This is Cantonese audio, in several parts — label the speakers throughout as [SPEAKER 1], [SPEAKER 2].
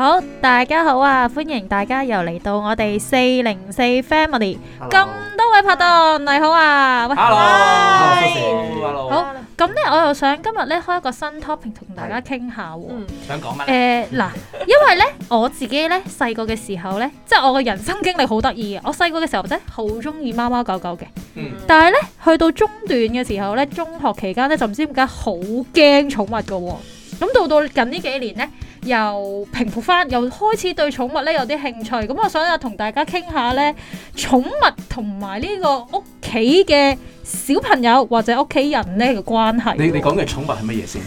[SPEAKER 1] 好，大家好啊！歡迎大家又嚟到我哋四零四 Family，咁多 Hello, 位拍檔，Hi. 你好啊！喂，Hello, Hello 好咁咧，我又想今日咧開一個新 topic 同大家傾下喎。Hey. 嗯、想講乜誒，嗱、呃，因為咧 我自己咧細個嘅時候咧，即係我嘅人生經歷好得意。我細個嘅時候咧好中意貓貓狗狗嘅，貓貓貓貓嗯、但係咧去到中段嘅時候咧，中學期間咧就唔知點解好驚寵物噶。咁到到近呢幾年咧。又平復翻，又開始對寵物咧有啲興趣。咁、嗯、我想啊，同大家傾下咧，寵物同埋呢個屋企嘅小朋友或者屋企人呢個關係。你，你講
[SPEAKER 2] 嘅寵物係乜嘢先？
[SPEAKER 1] 誒、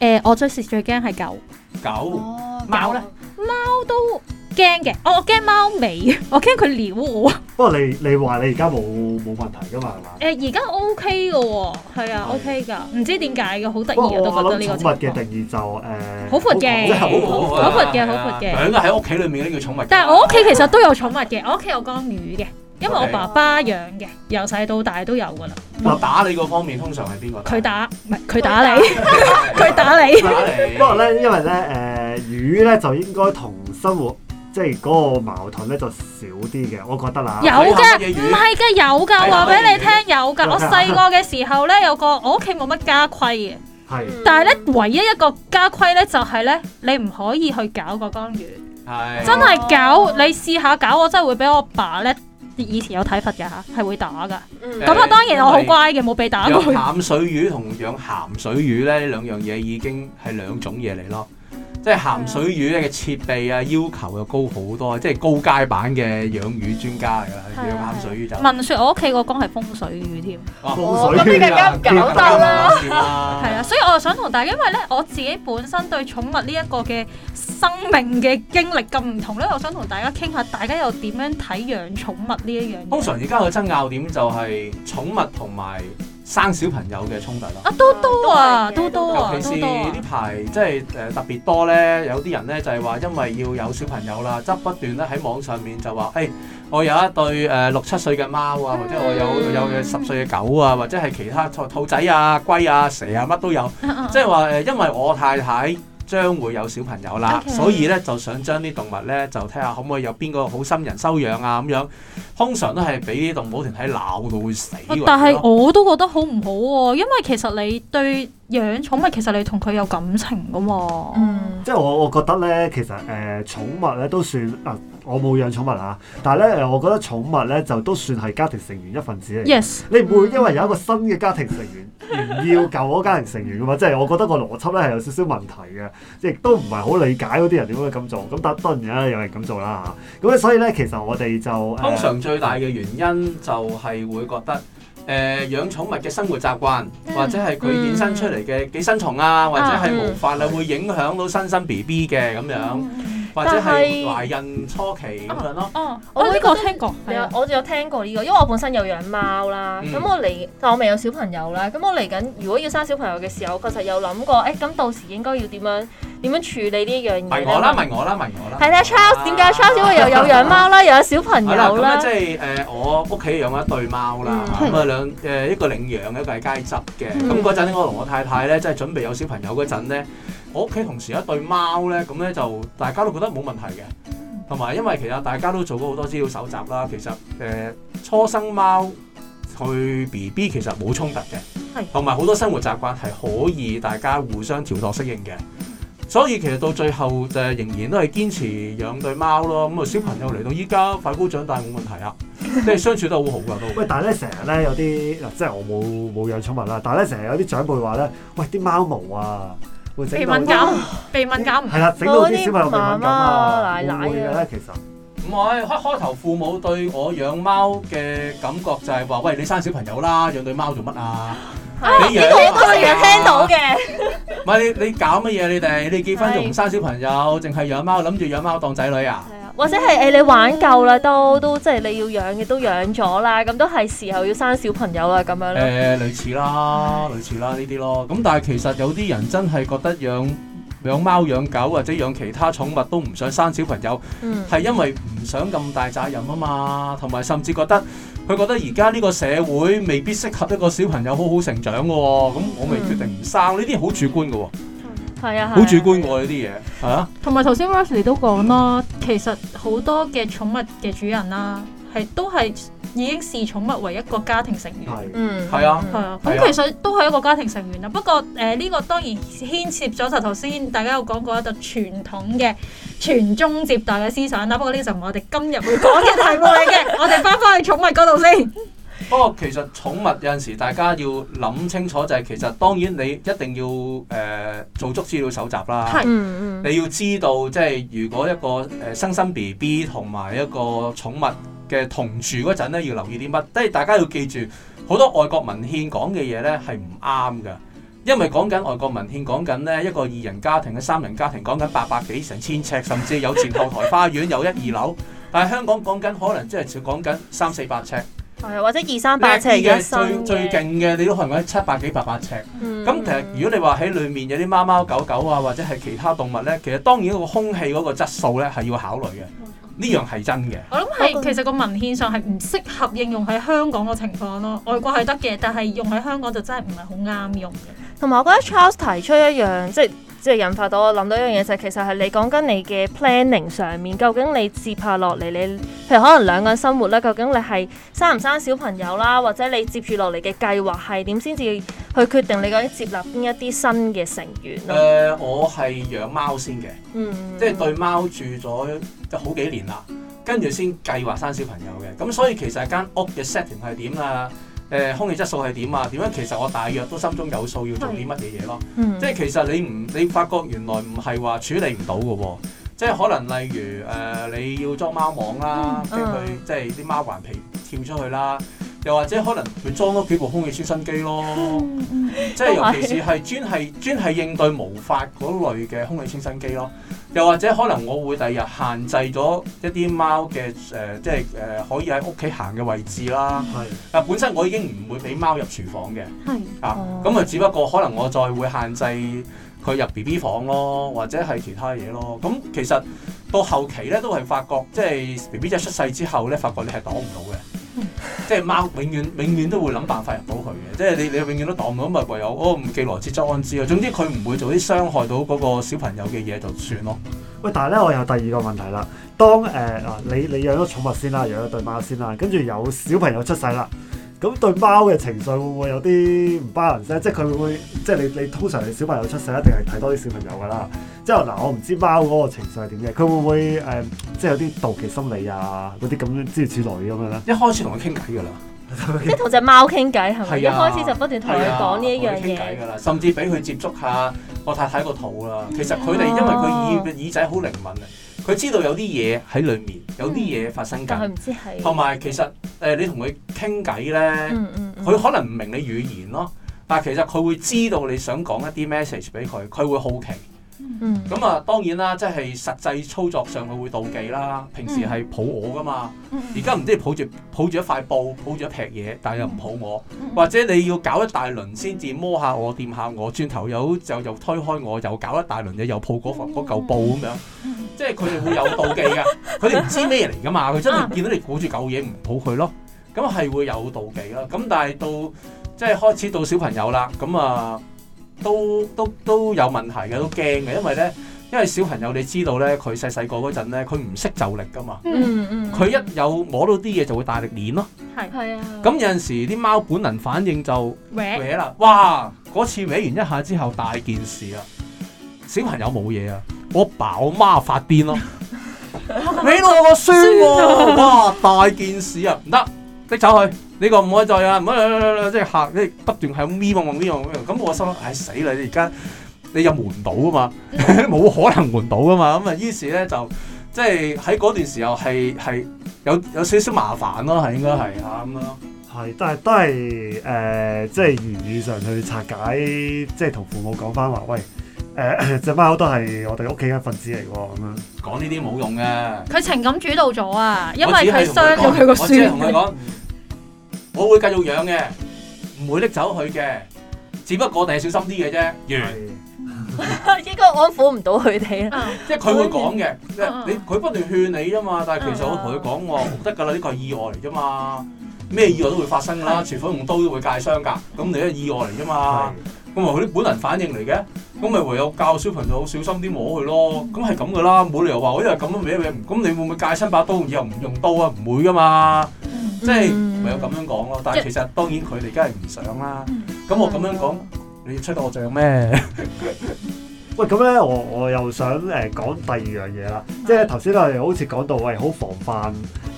[SPEAKER 1] 呃，我最時最驚係狗。狗。貓咧？貓都。驚嘅，我我驚貓尾，
[SPEAKER 3] 我驚佢撩我。不過你你話你而家冇冇問題㗎嘛？誒，
[SPEAKER 1] 而家 OK 嘅喎，係啊 OK 㗎，唔知點解嘅，好得意。我都覺得呢個寵物
[SPEAKER 3] 嘅定義就誒，好闊嘅，好闊
[SPEAKER 1] 嘅，好闊嘅，好闊嘅。喺
[SPEAKER 2] 屋企裏面咧叫寵物，但
[SPEAKER 1] 係我屋企其實都有寵物嘅，我屋企有缸魚嘅，因為我爸爸養嘅，由細到大都有㗎啦。打你嗰
[SPEAKER 2] 方面，通常係邊個？
[SPEAKER 1] 佢打，唔係佢打你，
[SPEAKER 3] 佢打你。不過咧，因為咧誒，魚咧就應該同生活。即係嗰個矛盾咧就少啲嘅，我覺得啦、啊的。有嘅，唔係
[SPEAKER 1] 嘅，有噶，話俾你聽有噶。我細個嘅時候咧，有個我屋企冇乜家規嘅。係的。但係咧，唯一一個家規咧就係、是、咧，你唔可以去搞個缸魚。係的。真係搞，啊、你試下搞，我真係會俾我爸咧，以前有體罰嘅嚇，係會打噶。咁啊、嗯，當然我好乖嘅，冇為被打過。養淡
[SPEAKER 2] 水魚同養鹹水魚咧，兩樣嘢已經係兩種嘢嚟咯。即係鹹水魚咧嘅設備啊，要求又高好多，即係高階版嘅養魚專家嚟㗎，養鹹水
[SPEAKER 1] 魚就。聞説我屋企個缸係風水魚添，哦咁啲嘅更加唔搞得啦，係啊，所以我又想同大家，因為咧我自己本身對寵物呢一個嘅生命嘅經歷咁唔同咧，我想同大家傾下，大家又點樣睇養寵物呢一樣？
[SPEAKER 2] 通常而家嘅爭拗點就係寵物同埋。生小朋友嘅衝突咯，
[SPEAKER 1] 啊多多啊，多多寶寶啊，尤其是
[SPEAKER 2] 呢排即係誒特別多咧，有啲人咧就係話因為要有小朋友啦，則不斷咧喺網上面就話誒，我有一對誒六七歲嘅貓啊，或者我有有十歲嘅狗啊，或者係其他兔仔啊、龜啊、蛇啊乜都有，即係話誒，寶寶因為我太太。將會有小朋友啦，Okay. 所以咧就想將啲動物咧就睇下可唔可以有邊個好心人收養啊咁樣。通常都係俾啲動保團喺鬧到會死。但係
[SPEAKER 1] 我都覺得好唔好喎，因為其實你對養寵物其實你同佢有感情㗎嘛。嗯，
[SPEAKER 3] 即係我我覺得咧，其實誒、呃、寵物咧都算啊。呃我冇養寵物啊，但係咧，我覺得寵物咧就都算係家庭成員一份子嚟。Yes，你唔會因為有一個新嘅家庭成員，唔要舊嗰家庭成員噶嘛？即係 我覺得個邏輯咧係有少少問題嘅，亦都唔係好理解嗰啲人點解咁做。咁但係當然啦，有人咁做啦嚇。咁所以咧，其實我哋就通常
[SPEAKER 2] 最大嘅原因就係會覺得，誒、呃、養寵物嘅生活習慣，mm hmm. 或者係佢衍生出嚟嘅寄生蟲啊，mm hmm. 或者係毛髮啊，會影響到新生 B B 嘅咁樣。Mm hmm. 或者係懷孕初期咁
[SPEAKER 4] 樣咯。哦，我呢個聽過，有我有聽過呢個，因為我本身有養貓啦。咁我嚟，但我未有小朋友啦。咁我嚟緊，如果要生小朋友嘅時候，確實有諗過。誒，咁到時應該要點樣點樣處理呢一樣嘢？問我啦，問我啦，問我啦。係啦，Charles，點解 Charles 佢又有養貓啦，又有小朋友啦？即
[SPEAKER 2] 係誒，我屋企養咗一對貓啦。咁啊兩誒，一個領養，一個係街執嘅。咁嗰陣，我同我太太咧，即係準備有小朋友嗰陣咧。我屋企同時一對貓咧，咁咧就大家都覺得冇問題嘅，同埋因為其實大家都做過好多資料搜集啦。其實誒、呃、初生貓去 B B 其實冇衝突嘅，同埋好多生活習慣係可以大家互相調度適應嘅。所以其實到最後就仍然都係堅持養對貓咯。咁、嗯、啊小朋友嚟到依家快高長大冇問題啊，即係
[SPEAKER 3] 相處得好好噶 都喂。喂，但係咧成日咧有啲嗱，即係我冇冇養寵物啦。但係咧成日有啲長輩話咧，喂啲貓毛啊！鼻敏感，
[SPEAKER 1] 鼻敏感唔係啦，整到啲小朋
[SPEAKER 3] 友鼻
[SPEAKER 2] 敏感啊，奶奶嘅咧，其實唔會。開開頭父母對我養貓嘅感覺就係話，喂，你生小朋友啦，養對貓做乜啊？呢個我而家
[SPEAKER 4] 聽到嘅，
[SPEAKER 2] 唔係你你搞乜嘢？你哋你結婚仲唔生小朋友，淨係養貓，諗住養貓當仔女啊？
[SPEAKER 4] 或者係誒，你玩夠啦，都都即係你要養嘅都養咗啦，咁都係時候要生小朋友啦，咁樣咯。
[SPEAKER 2] 誒，類似啦，類似啦呢啲咯。咁但係其實有啲人真係覺得養養貓養狗或者養其他寵物都唔想生小朋友，係、嗯、因為唔想咁大責任啊嘛。同埋甚至覺得佢覺得而家呢個社會未必適合一個小朋友好好成長嘅、啊，咁我未決定唔生呢啲好主觀嘅、啊。係啊，好主觀喎呢啲嘢，係
[SPEAKER 1] 啊。同埋頭先 Sosze 都講啦，其實好多嘅寵物嘅主人啦、啊，係都係已經視寵物為一個家庭成員，的嗯，係啊呀，係啊、嗯。咁其實都係一個家庭成員啦。不過誒，呢、呃呢個當然牽涉咗就頭先大家有講過一啲傳統嘅傳宗接代嘅思想啦。不過呢個就唔係我哋今日會講嘅題目嚟嘅，我哋翻返去寵物嗰度先。
[SPEAKER 2] 不過其實寵物有陣時，大家要諗清楚就係其實當然你一定要誒、呃、做足資料搜集啦。嗯、你要知道即係如果一個誒新、呃、生 B B 同埋一個寵物嘅同住嗰陣咧，要留意啲乜？即係大家要記住，好多外國文獻講嘅嘢咧係唔啱㗎，因為講緊外國文獻講緊呢一個二人家庭嘅三人家庭，講緊八百幾成千尺，甚至有前後台花園 有一二樓，但係香港講緊可能即係講緊三四百尺。
[SPEAKER 4] 係或者二三百尺嘅，最最
[SPEAKER 2] 勁嘅，你都可能七百幾、八百尺。咁、嗯、其實如果你話喺裡面有啲貓貓狗狗啊，或者係其他動物咧，其實當然個空氣嗰個質素咧係要考慮嘅，呢、嗯、樣係真嘅。
[SPEAKER 1] 我諗係其實個文獻上係唔適合應用喺香港個情況咯，外國係得嘅，但係用喺香港就真係唔係好啱用嘅。
[SPEAKER 4] 同埋我覺得 Charles 提出一樣即係。即係引發到我諗到一樣嘢就係，其實係你講緊你嘅 planning 上面，究竟你接下落嚟你，譬如可能兩個人生活咧，究竟你係生唔生小朋友啦，或者你接住落嚟嘅計劃係點先至去決定你嗰啲接納邊一啲新嘅成
[SPEAKER 2] 員？誒、呃，我係養貓先嘅，嗯、即係對貓住咗就好幾年啦，跟住先計劃生小朋友嘅，咁所以其實間屋嘅 setting 係點啦？誒、呃、空氣質素係點啊？點樣？其實我大約都心中有數要做啲乜嘢嘢咯。嗯、即係其實你唔你發覺原來唔係話處理唔到嘅喎。即係可能例如誒、呃、你要裝貓網啦，令佢、嗯、即係啲、嗯、貓環皮跳出去啦。又或者可能佢裝多幾部空氣清新機咯，
[SPEAKER 1] 即係尤其是係
[SPEAKER 2] 專係專係應對毛髮嗰類嘅空氣清新機咯。又或者可能我會第日限制咗一啲貓嘅誒，即係誒可以喺屋企行嘅位置啦。係，嗱，本身我已經唔會俾貓入廚房嘅，係啊，咁啊，只不過可能我再會限制佢入 B B 房咯，或者係其他嘢咯。咁其實到後期咧，都係發覺即係 B B 仔出世之後咧，發覺你係擋唔到嘅。 即係貓永遠永遠都會諗辦法入到佢嘅，即係你你永遠都擋唔到，咪唯有哦唔記，既來之則安之啊。總之佢唔會做啲傷害到嗰個小朋友嘅嘢，就算咯。喂，但係咧，
[SPEAKER 3] 我有第二個問題啦。當誒、呃、你你養咗寵物先啦，養咗對貓先啦，跟住有小朋友出世啦，咁對貓嘅情緒會唔會有啲唔包容咧？即係佢會，會即係你你，你通常你小朋友出世一定係睇多啲小朋友噶啦。即係嗱，我唔知貓嗰個情緒係點嘅，佢會唔會誒、嗯，即係有啲妒忌心理啊，嗰啲咁之類咁樣咧？一開始同佢傾偈㗎啦，
[SPEAKER 4] 即係同隻貓傾偈係咪？是是啊、一開始就不斷同佢講呢一樣嘢，傾偈㗎啦，啊、
[SPEAKER 2] 甚至俾佢接觸下我太太個肚啦。其實佢哋因為佢耳耳仔好靈敏啊，佢、嗯、知道有啲嘢喺裡面，有啲嘢發生緊。佢唔、嗯、知係。同埋其實誒、呃，你同佢傾偈咧，佢、嗯嗯嗯、可能唔明你語言咯，但係其實佢會知道你想講一啲 message 俾佢，佢會好奇。咁啊，嗯、當然啦，即係實際操作上佢會妒忌啦。平時係抱我噶嘛，而家唔知你抱住抱住一塊布，抱住一劈嘢，但係又唔抱我，或者你要搞一大輪先至摸下我，掂下我，轉頭又就又推開我，又搞一大輪嘢，又抱嗰嚿舊布咁樣，即係佢哋會有妒忌噶。佢哋唔知咩嚟噶嘛，佢真係見到你抱住舊嘢唔抱佢咯，咁係會有妒忌啦。咁但係到即係開始到小朋友啦，咁啊。都都都有問題嘅，都驚嘅，因為咧，因為小朋友你知道咧，佢細細個嗰陣咧，佢唔識就力㗎嘛。嗯嗯。佢一有摸到啲嘢就會大力攣咯。係
[SPEAKER 1] 係啊。
[SPEAKER 2] 咁有陣時啲貓本能反應就搣啦，哇！嗰次搣完一下之後大件事啊，小朋友冇嘢啊，我爸我媽發癲咯，
[SPEAKER 4] 搣到我個孫喎，哇！
[SPEAKER 2] 大件事啊，唔得，拎走去。呢個唔可以再啊！唔好即係嚇，即係不斷係咁搣搣搣樣咁樣。咁我心諗，唉、哎、死啦！你而家你又換唔到㗎嘛，冇 可能換到㗎嘛。咁啊，於是咧就即係喺嗰段時候係係有有，有少少麻煩咯，係應該係
[SPEAKER 3] 嚇咁咯。係、嗯，但係都係誒，即、呃、係、即係、言語上去拆解，即係同父母講翻話，喂誒隻貓都係我哋屋企嘅份子嚟喎。咁樣講呢啲冇用嘅。
[SPEAKER 1] 佢情感主導咗啊，因為佢傷咗佢個孫。 同你講。
[SPEAKER 2] 我會繼續養嘅，唔會拎走佢嘅，只不過我哋係小心啲嘅啫。係，應
[SPEAKER 4] 該安撫唔到佢哋啦。即係佢會講嘅，
[SPEAKER 2] 你佢不斷勸你啫嘛。但係其實我同佢講，得噶啦，呢個係意外嚟啫嘛。咩意外都會發生噶啦，廚房用刀都會戒傷噶。咁你係意外嚟啫嘛。咁啊，佢啲本能反應嚟嘅，咁咪唯有教小朋友小心啲摸佢咯。咁係咁噶啦，冇理由話我因為咁樣搲搲，咁你會唔會戒親把刀？又唔用刀啊，唔會噶嘛。 即係唯有咁樣講咯，但係其實當然佢哋梗係唔想啦。咁我咁樣講，你要出到
[SPEAKER 3] 我仲有咩？ 喂，咁咧我我又想誒、呃、講第二樣嘢啦，即係頭先係好似講到喂好防範誒、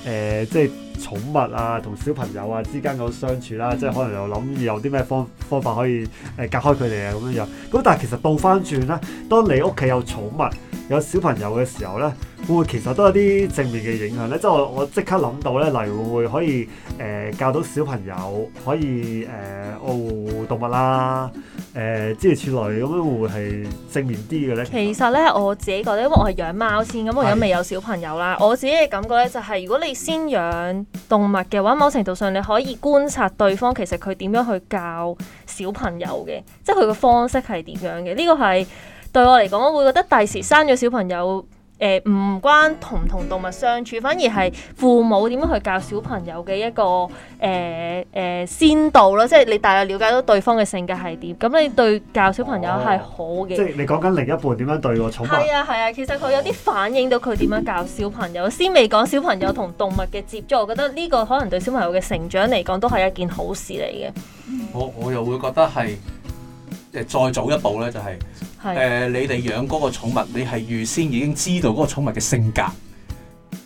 [SPEAKER 3] 呃，即係寵物啊同小朋友啊之間嗰種相處啦、啊，嗯、即係可能又諗有啲咩方方法可以誒、呃、隔開佢哋啊咁樣樣。咁但係其實倒翻轉啦，當你屋企有寵物，有小朋友嘅時候咧，會唔會其實都有啲正面嘅影響呢？即係、就是、我我即刻諗到呢，例如會唔會可以誒、呃、教到小朋友可以誒愛護動物啦？誒、呃、諸如此類咁樣，會唔會係正面啲嘅呢？
[SPEAKER 4] 其實呢，我自己覺得，因為我係養貓先，咁我而家未有小朋友啦。是我自己嘅感覺呢、就是，就係如果你先養動物嘅話，某程度上你可以觀察對方其實佢點樣去教小朋友嘅，即係佢嘅方式係點樣嘅。呢、這個係，對我嚟講，我會覺得第時生咗小朋友，誒、呃、唔關同唔同動物相處，反而係父母點樣去教小朋友嘅一個誒誒、呃呃、先道咯。即係你大約了解到對方嘅性格係點，咁你對教小朋友係好嘅、哦。即係
[SPEAKER 3] 你講緊另一半點樣對個寵物？係啊
[SPEAKER 4] 係啊，其實佢有啲反映到佢點樣教小朋友。先未講小朋友同動物嘅接觸，我覺得呢個可能對小朋友嘅成長嚟講都係一件好事嚟
[SPEAKER 2] 嘅。我我又會覺得係再早一步呢就係、是。誒是、呃，你哋養嗰個寵物，你係預先已經知道嗰個寵物嘅性格，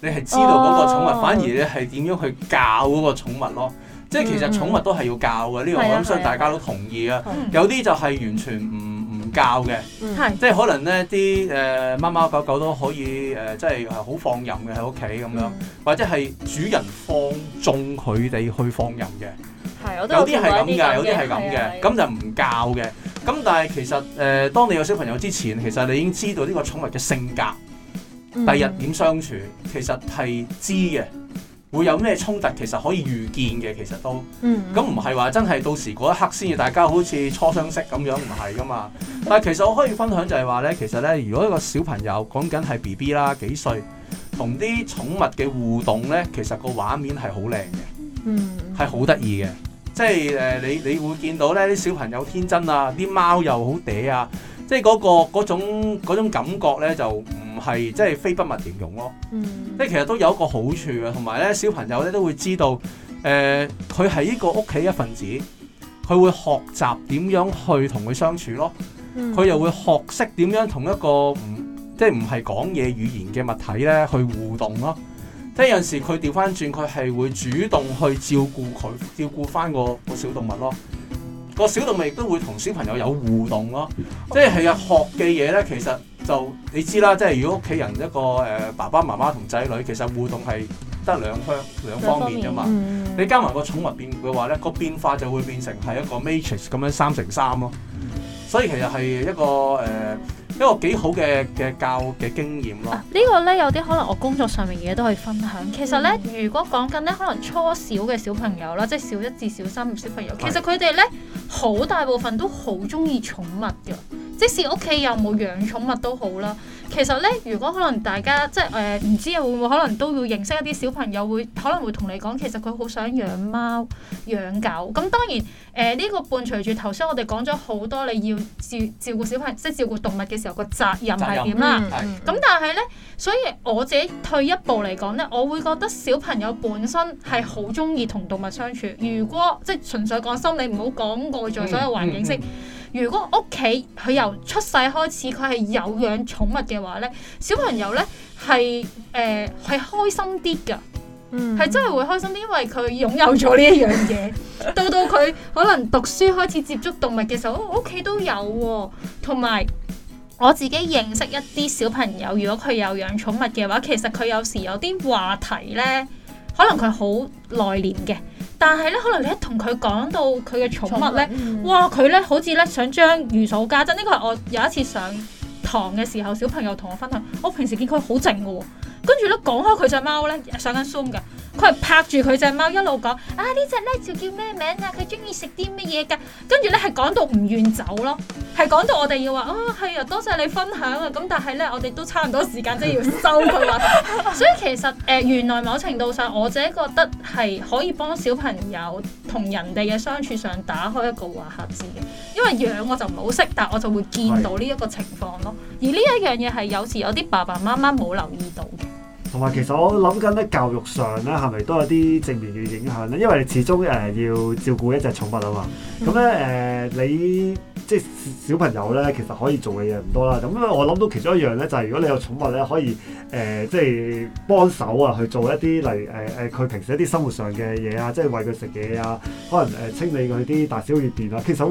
[SPEAKER 2] 你係知道嗰個寵物，哦、反而你係點樣去教嗰個寵物咯？即係其實寵物都係要教嘅呢樣，嗯、個我諗大家都同意啊。的有啲就係完全唔唔教嘅，嗯、即係可能呢啲誒貓貓狗狗都可以誒，即係好放任嘅喺屋企咁樣，嗯、或者係主人放縱佢哋去放任嘅。
[SPEAKER 4] 有啲係咁嘅，有啲係咁嘅，
[SPEAKER 2] 咁就唔教嘅。咁但係其實誒、呃，當你有小朋友之前，其實你已經知道呢個寵物嘅性格，嗯、第二點相處，其實係知嘅，會有咩衝突，其實可以預見嘅，其實都，咁唔係話真係到時嗰一刻先，大家好似初相識咁樣，唔係㗎嘛。但係其實我可以分享就係話呢，其實呢，如果一個小朋友講緊係 BB 啦幾歲，同啲寵物嘅互動呢，其實個畫面係好靚嘅，係好得意嘅。即係誒、呃，你你會見到咧啲小朋友天真啊，啲貓又好嗲啊，即係嗰、嗰個嗰種、種感覺咧，就唔係即係非筆物形容咯。嗯、即係其實都有一個好處啊，同埋咧小朋友咧都會知道誒，佢係呢個屋企一份子，佢會學習點樣去同佢相處咯。佢、嗯、又會學識點樣同一個唔即係唔係講嘢語言嘅物體咧去互動咯。即有陣時佢調翻轉，佢係會主動去照顧佢，照顧翻個個小動物咯。個小動物亦都會同小朋友有互動咯。即係其實學嘅嘢咧，其實就你知啦。即係如果屋企人一個誒、呃、爸爸媽媽同仔女，其實互動係得兩方兩方面啫嘛。你加埋個寵物變嘅話咧，個變化就會變成係一個 matrix 咁樣三乘三咯。所以其實係一個誒，呃一個幾好嘅嘅教嘅經驗咯。呢、
[SPEAKER 1] 啊呢個呢，有啲可能我工作上面嘅嘢都可以分享。其實呢，嗯、如果講緊呢，可能初小嘅小朋友啦，即係小一至小三嘅小朋友，是其實佢哋呢，好大部分都好中意寵物嘅，即使屋企有冇養寵物都好啦。其實咧，如果可能大家即係誒，唔、呃、知會唔會可能都要認識一啲小朋友，會可能會同你講，其實佢好想養貓、養狗。咁當然誒，呢、呃這個伴隨住頭先我哋講咗好多，你要照照顧小朋友，即係照顧動物嘅時候，個責任係點啦？咁但係咧，所以我自己退一步嚟講咧，嗯、我會覺得小朋友本身係好中意同動物相處。嗯、如果即係純粹講心理，唔好講外在所有環境先。嗯嗯如果屋企佢由出世開始佢係有養寵物嘅話呢，小朋友呢係誒係開心啲噶，嗯，係真係會開心啲，因為佢擁有咗呢一樣嘢。 到到佢可能讀書開始接觸動物嘅時候，屋企都有喎、哦。同埋我自己認識一啲小朋友，如果佢有養寵物嘅話，其實佢有時有啲話題呢。可能佢好內斂嘅，但係咧，可能你一同佢講到佢嘅寵物咧，物哇！佢咧好似咧想將如數家珍，呢、這個係我有一次上堂嘅時候，小朋友同我分享，我平時見佢好靜嘅，跟住咧講開佢隻貓咧，上緊 Zoom 噶。佢係拍住佢隻貓一路講啊，只蠟蠟蠟啊，呢隻咧就叫咩名啊？佢鍾意食啲乜嘢㗎？跟住咧係講到唔願走咯，係講到我哋要話啊，係啊，多謝你分享啊，咁但係咧我哋都差唔多時間即係、就是、要收佢啦 所以其實誒、呃、原來某程度上我自己覺得係可以幫小朋友同人哋嘅相處上打開一個話匣子嘅，因為養我就唔係好識，但係我就會見到呢一個情況咯。而呢一樣嘢係有時有啲爸爸媽媽冇留意到嘅。
[SPEAKER 3] 同埋其實我諗緊咧教育上咧係咪都有啲正面嘅影響咧？因為你始終誒、呃、要照顧一隻寵物啊嘛。咁咧誒你即係小朋友咧，其實可以做嘅嘢唔多啦。咁我諗到其中一樣咧，就係、是、如果你有寵物咧，可以誒、呃、即係幫手啊去做一啲例如誒誒佢平時一啲生活上嘅嘢啊，即係餵佢食嘢啊，可能誒、呃、清理佢啲大小便啊。其實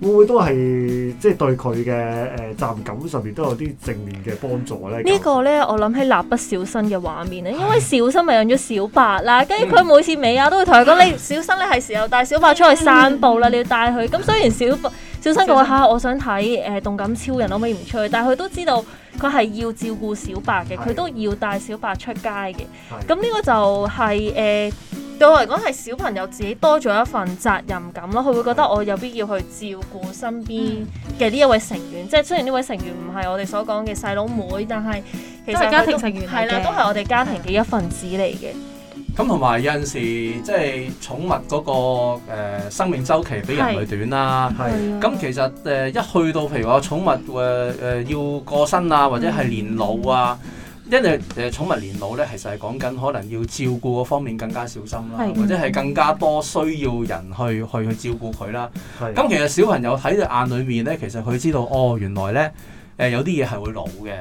[SPEAKER 3] 會唔會都係即係對佢嘅誒責任感上面都有啲正面嘅幫助咧？個呢
[SPEAKER 4] 個咧我諗起蠟筆小新。畫面啊，因為小新咪養咗小白啦，跟住佢每次尾啊都會同佢講：嗯、你小新你係時候帶小白出去散步啦，嗯、你要帶佢。咁雖然小白、小新講下我想睇誒、呃、動感超人，我咪唔出去。但係佢都知道佢係要照顧小白嘅，佢、嗯、都要帶小白出街嘅。咁呢、嗯、個就係、是、誒、呃、對我嚟講係小朋友自己多咗一份責任感咯。佢會覺得我有必要去照顧身邊嘅呢一位成員。即係雖然呢位成員唔係我哋所講嘅細佬妹，但係。其實係家庭成員，係啦，都係我哋家庭嘅一份子嚟嘅、
[SPEAKER 2] 嗯。咁同埋有陣時，即、就、係、是、寵物嗰、那個、呃、生命周期比人類短啦。係是。咁是、啊、其實誒一去到，譬如話寵物誒誒、呃呃、要過身啊，或者係年老啊，嗯、因為誒寵物年老咧，其實係講緊可能要照顧嗰方面更加小心啦、啊，是嗯、或者係更加多需要人去去去照顧佢啦。咁是其實小朋友喺佢眼裏面咧，其實佢知道哦，原來咧。誒有啲嘢係會老嘅，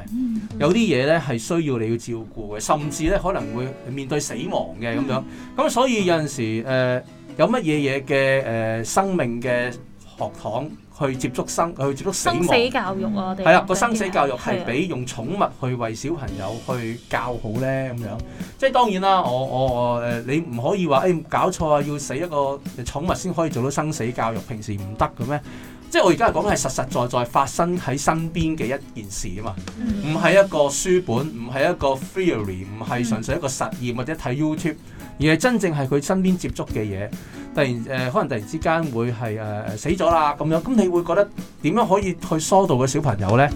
[SPEAKER 2] 有啲嘢咧係需要你要照顧嘅，甚至咧可能會面對死亡嘅咁樣。咁、嗯、所以有陣時誒、呃，有乜嘢嘢嘅誒生命嘅學堂去接觸生去接觸死亡？生死
[SPEAKER 1] 教育啊？係啊，個
[SPEAKER 2] 生死教育係畀用寵物去為小朋友去教好咧咁樣。即係當然啦，我我誒你唔可以話誒、哎、搞錯啊，要死一個寵物先可以做到生死教育，平時唔得嘅咩？即係我而家係講緊係實實在在發生喺身邊嘅一件事啊嘛，唔係一個書本，唔係一個 theory，唔係純粹一個實驗或者睇 YouTube，而係真正係佢身邊接觸嘅嘢。突然誒、呃，可能突然之間會係誒、呃、死咗啦咁樣，咁你會覺得點樣可以去疏導個小朋友咧？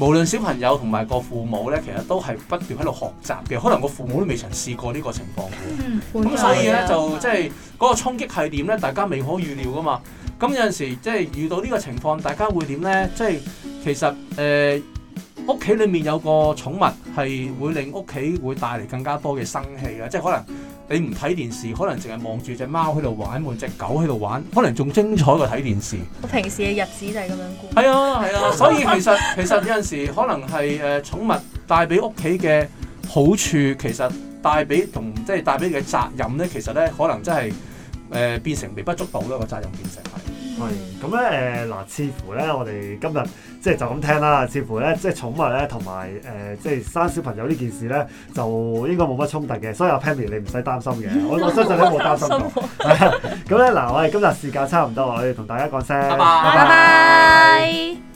[SPEAKER 2] 無論小朋友同埋個父母咧，其實都係不斷喺度學習嘅。可能個父母都未曾試過呢個情況嘅，
[SPEAKER 1] 咁所以咧就
[SPEAKER 2] 即係嗰、那個衝擊係點咧？大家未可預料噶嘛。咁有陣時，即係遇到呢個情況，大家會點咧？即係其實誒屋企裏面有個寵物係會令屋企會帶嚟更加多嘅生氣啦。即係可能你唔睇電視，可能淨係望住隻貓喺度玩，或者隻狗喺度玩，可能仲精彩過睇電視。
[SPEAKER 4] 我平時嘅日子就
[SPEAKER 2] 係咁樣過。係啊，係啊，啊 所以其實其實有陣時可能係誒寵物帶俾屋企嘅好處，其實帶俾同即係帶俾你嘅責任咧，其實咧可能真係誒、
[SPEAKER 3] 呃、變成微不足道啦。個責任變成。係，咁咧誒嗱，似乎咧我哋今日即係就咁聽啦，似乎咧即係寵物咧同埋誒即係生小朋友呢件事咧，就應該冇乜衝突嘅，所以阿 Pammy 你唔使擔心嘅，我 我相信你冇擔心到。咁咧嗱，我哋今日時間差唔多，我哋同大家講聲，拜拜。